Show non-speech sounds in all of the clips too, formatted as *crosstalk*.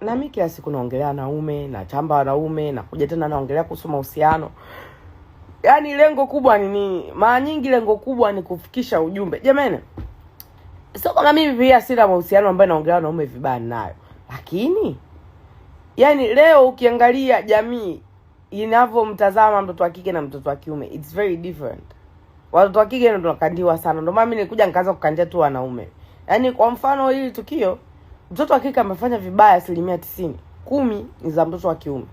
na nami kila siku naongelea wanaume na chamba wanaume, nakuja tena naongelea kuhusu mahusiano. Yaani lengo kubwa ni nini? Mara nyingi lengo kubwa ni kufikisha ujumbe. Jamani, sio kama mimi pia sina mahusiano ambayo naongelea wanaume vibaya nayo, lakini yaani leo ukiangalia jamii inavyomtazama mtoto wa kike na mtoto wa kiume, it's very different. Watoto wa kike ndio tunakandiwa sana, ndio maana mimi nilikuja nikaanza kukandia tu wanaume. Yaani kwa mfano hili tukio mtoto wa kike amefanya vibaya asilimia tisini, kumi ni za mtoto wa kiume.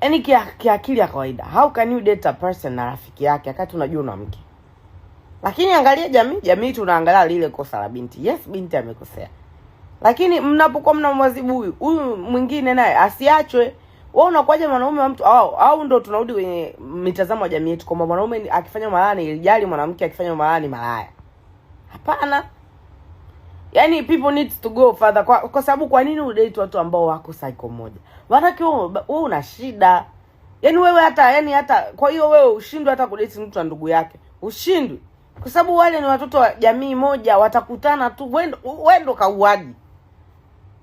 yani kiakili ya kawaida, how can you date a person na rafiki yake wakati unajua una mke? Lakini angalia jamii, jamii tunaangalia lile kosa la binti. Yes, binti amekosea, lakini mnapokuwa mnamwadhibu huyu huyu mwingine naye asiachwe wewe unakuwaje mwanaume wa mtu au, au ndo tunarudi kwenye mitazamo ya jamii yetu kwamba mwanaume akifanya malaya ni ilijali mwanamke akifanya malaya ni malaya? Hapana yani people need to go further kwa, kwa sababu kwa nini udate watu ambao wako psycho moja? Maanake wewe una shida yani wewe hata yani hata kwa hiyo wewe ushindwe hata kudate mtu wa ndugu yake ushindwi, kwa sababu wale ni watoto wa jamii moja, watakutana tu. wendo kauaji.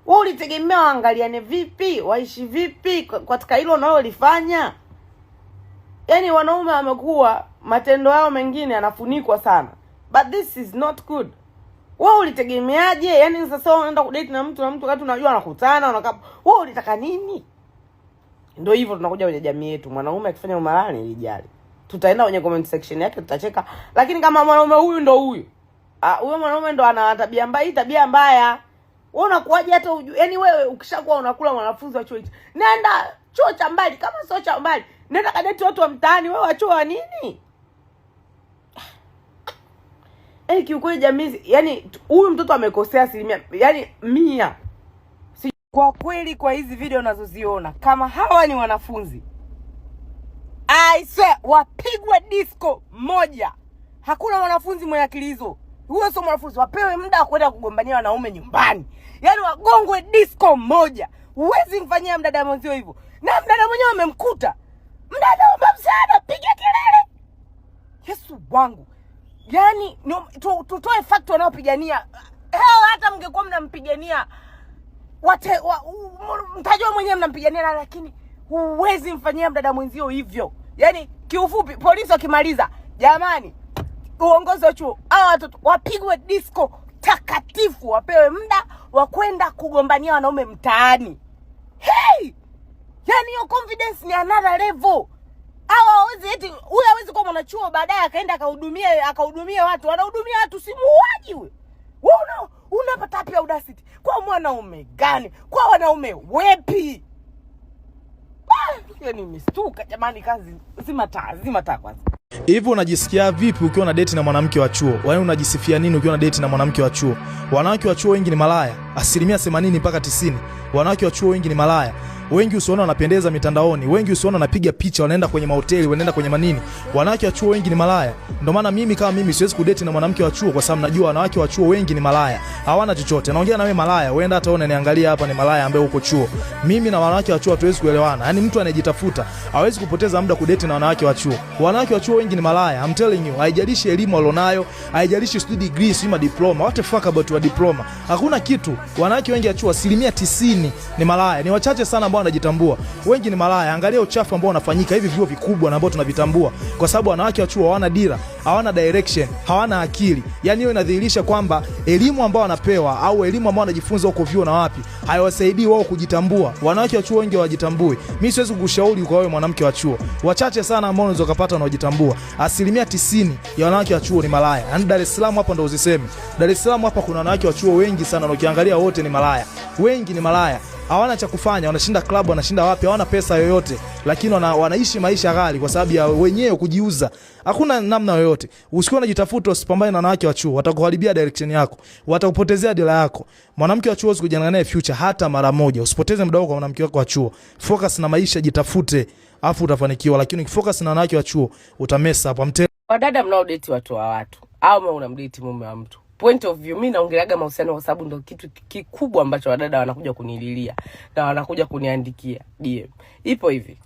Wewe ulitegemea waangaliane vipi, waishi vipi katika hilo unalolifanya? Yani wanaume wamekuwa matendo yao mengine yanafunikwa sana, but this is not good wewe ulitegemeaje? yani sasa unaenda kudate na mtu na mtu kati unajua anakutana unakapa. Wewe ulitaka nini? Ndio hivyo tunakuja kwenye jamii yetu. Mwanaume akifanya umarani ilijali. Tutaenda kwenye comment section yake tutacheka. Lakini kama mwanaume huyu ndo huyu. Ah, huyo mwanaume ndo ana tabia mbaya, hii tabia mbaya. Wewe unakuaje hata ujue? yani wewe ukishakuwa unakula mwanafunzi wa chuo hicho. Nenda chuo cha mbali kama sio cha mbali. Nenda kadeti watu wa mtaani wewe wachuo wa nini? yani kiukweli jamii, yani huyu mtoto amekosea asilimia yani mia si... kwa kweli, kwa hizi video unazoziona kama hawa ni wanafunzi I swear, wapigwa disco moja. Hakuna mwanafunzi mwenye akili hizo, huyo sio mwanafunzi. Wapewe muda wa kwenda kugombania wanaume nyumbani, yani wagongwe disco moja. Huwezi mfanyia mdada mwenzio hivyo, na mdada mwenyewe amemkuta mdada, omba msaada, piga kelele. Yesu wangu yani tutoe fakti wanaopigania heo. Hata mngekuwa mnampigania wate wa, mtajua mwenyewe mnampigania, lakini huwezi mfanyia mdada mwenzio hivyo. Yani kiufupi, polisi wakimaliza, jamani, uongozi wa chuo hawa watoto wapigwe disco takatifu, wapewe muda wa kwenda kugombania wanaume mtaani. Hey! Yani hiyo confidence ni another level. Hawa hawezi eti huyu hawezi kuwa mwanachuo baadaye akaenda akahudumia akahudumia watu. Anahudumia watu si muuaji huyo. Wewe una unapata wapi audacity? Kwa mwanaume gani? Kwa wanaume wepi? Ah, hiyo ah, ni mistuka jamani kazi zima taa, zima taa kwanza. Hivi unajisikia vipi ukiwa na date na mwanamke wa chuo? Wewe yaani unajisifia nini ukiwa na date na mwanamke wa chuo? Wanawake wa chuo wengi ni malaya. Asilimia 80 mpaka 90. Wanawake wa chuo wengi ni malaya. Wengi usiona wanapendeza mitandaoni, wengi usiona wanapiga picha, wanaenda kwenye mahoteli, wanaenda kwenye manini. Wanawake wa chuo wengi ni malaya. Ndio maana mimi kama mimi siwezi kudeti na mwanamke wa chuo, kwa sababu najua wanawake wa chuo wengi ni malaya, hawana chochote. Naongea na wewe malaya, uenda hata wewe niangalia hapa ni malaya ambaye uko chuo. Mimi na wanawake wa chuo hatuwezi kuelewana. Yani mtu anayejitafuta hawezi kupoteza muda kudeti na wanawake wa chuo. Wanawake wa chuo wengi ni malaya. I'm telling you, haijalishi elimu alionayo, haijalishi study degree, sijui diploma, What the fuck about your diploma? Hakuna kitu. Wanawake wengi wa chuo asilimia 90 ni malaya. Ni wachache sana ambao ambao wanajitambua. Wengi ni malaya. Angalia uchafu ambao unafanyika hivi vyuo vikubwa na ambao tunavitambua, kwa sababu wanawake wa chuo hawana dira, hawana direction, hawana akili. Yani hiyo inadhihirisha kwamba elimu ambao wanapewa au elimu ambao wanajifunza huko vyuo na wapi haiwasaidii wao kujitambua. Wanawake wa chuo wengi hawajitambui. Mimi siwezi kukushauri kwa wewe mwanamke wa chuo, wachache sana ambao unaweza kupata wanaojitambua. Asilimia tisini ya wanawake wa chuo ni malaya. Yani Dar es Salaam hapa ndo uziseme. Dar es Salaam hapa kuna wanawake wa chuo wengi sana na ukiangalia wote ni malaya, wengi ni malaya hawana cha kufanya, wanashinda klabu, wanashinda wapi, hawana pesa yoyote, lakini wana, wanaishi maisha ghali kwa sababu ya wenyewe kujiuza. Hakuna namna yoyote. Usikiwa unajitafuta, usipambane na wanawake wa chuo, watakuharibia direction yako, watakupotezea dela yako. Mwanamke wa chuo usikujana naye future hata mara moja. Usipoteze muda wako kwa mwanamke wako wa chuo, focus na maisha, jitafute afu utafanikiwa, lakini ukifocus na wanawake wa chuo utamesa hapo. mtendo Wadada mnaodeti watu wa watu au unamdeti mume wa mtu point of view, mi naongeleaga mahusiano kwa sababu ndo kitu kikubwa ambacho wadada wanakuja kunililia na wanakuja kuniandikia DM. Ipo hivi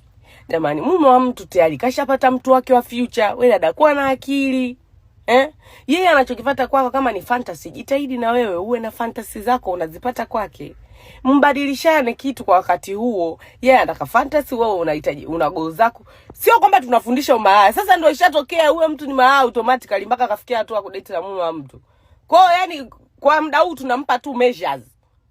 jamani, mume wa mtu tayari kashapata mtu wake wa future. We dada, kuwa na akili eh? Yeye anachokipata kwako kama ni fantasy, jitahidi na wewe uwe na fantasy zako unazipata kwake Mbadilishane kitu kwa wakati huo. Yeye yeah, anataka fantasy, wewe unahitaji una goal zako. Sio kwamba tunafundisha umalaya. Sasa ndio ishatokea, huyo mtu ni malaya automatically mpaka akafikia hatua kudate na mume wa mtu. Kwa yani, kwa muda huu tunampa tu measures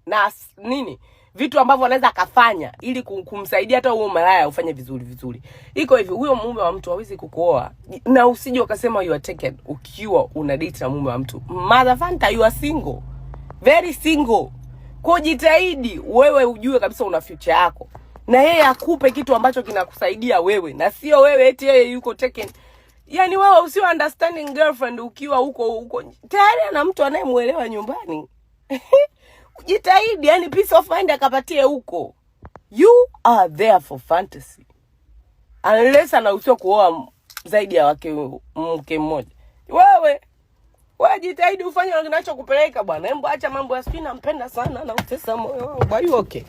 na nini vitu ambavyo anaweza akafanya ili kumsaidia hata huo malaya ufanye vizuri vizuri. Iko hivi, huyo mume wa mtu hawezi kukuoa, na usije ukasema you are taken ukiwa una date na mume wa mtu. Mother Fanta, you are single, very single. Kujitahidi wewe ujue kabisa una future yako, na yeye akupe kitu ambacho kinakusaidia wewe, na sio wewe eti yeye yuko taken yani wewe usio understanding girlfriend ukiwa huko huko tayari ana mtu anayemwelewa nyumbani *laughs* jitahidi, yani peace of mind akapatie huko. You are there for fantasy unless anahusiwa kuoa zaidi ya wake mke mmoja. Wewe wewe jitahidi ufanye kinachokupeleka bwana, hebu acha mambo ya sijui nampenda sana na utesa moyo wangu. okay?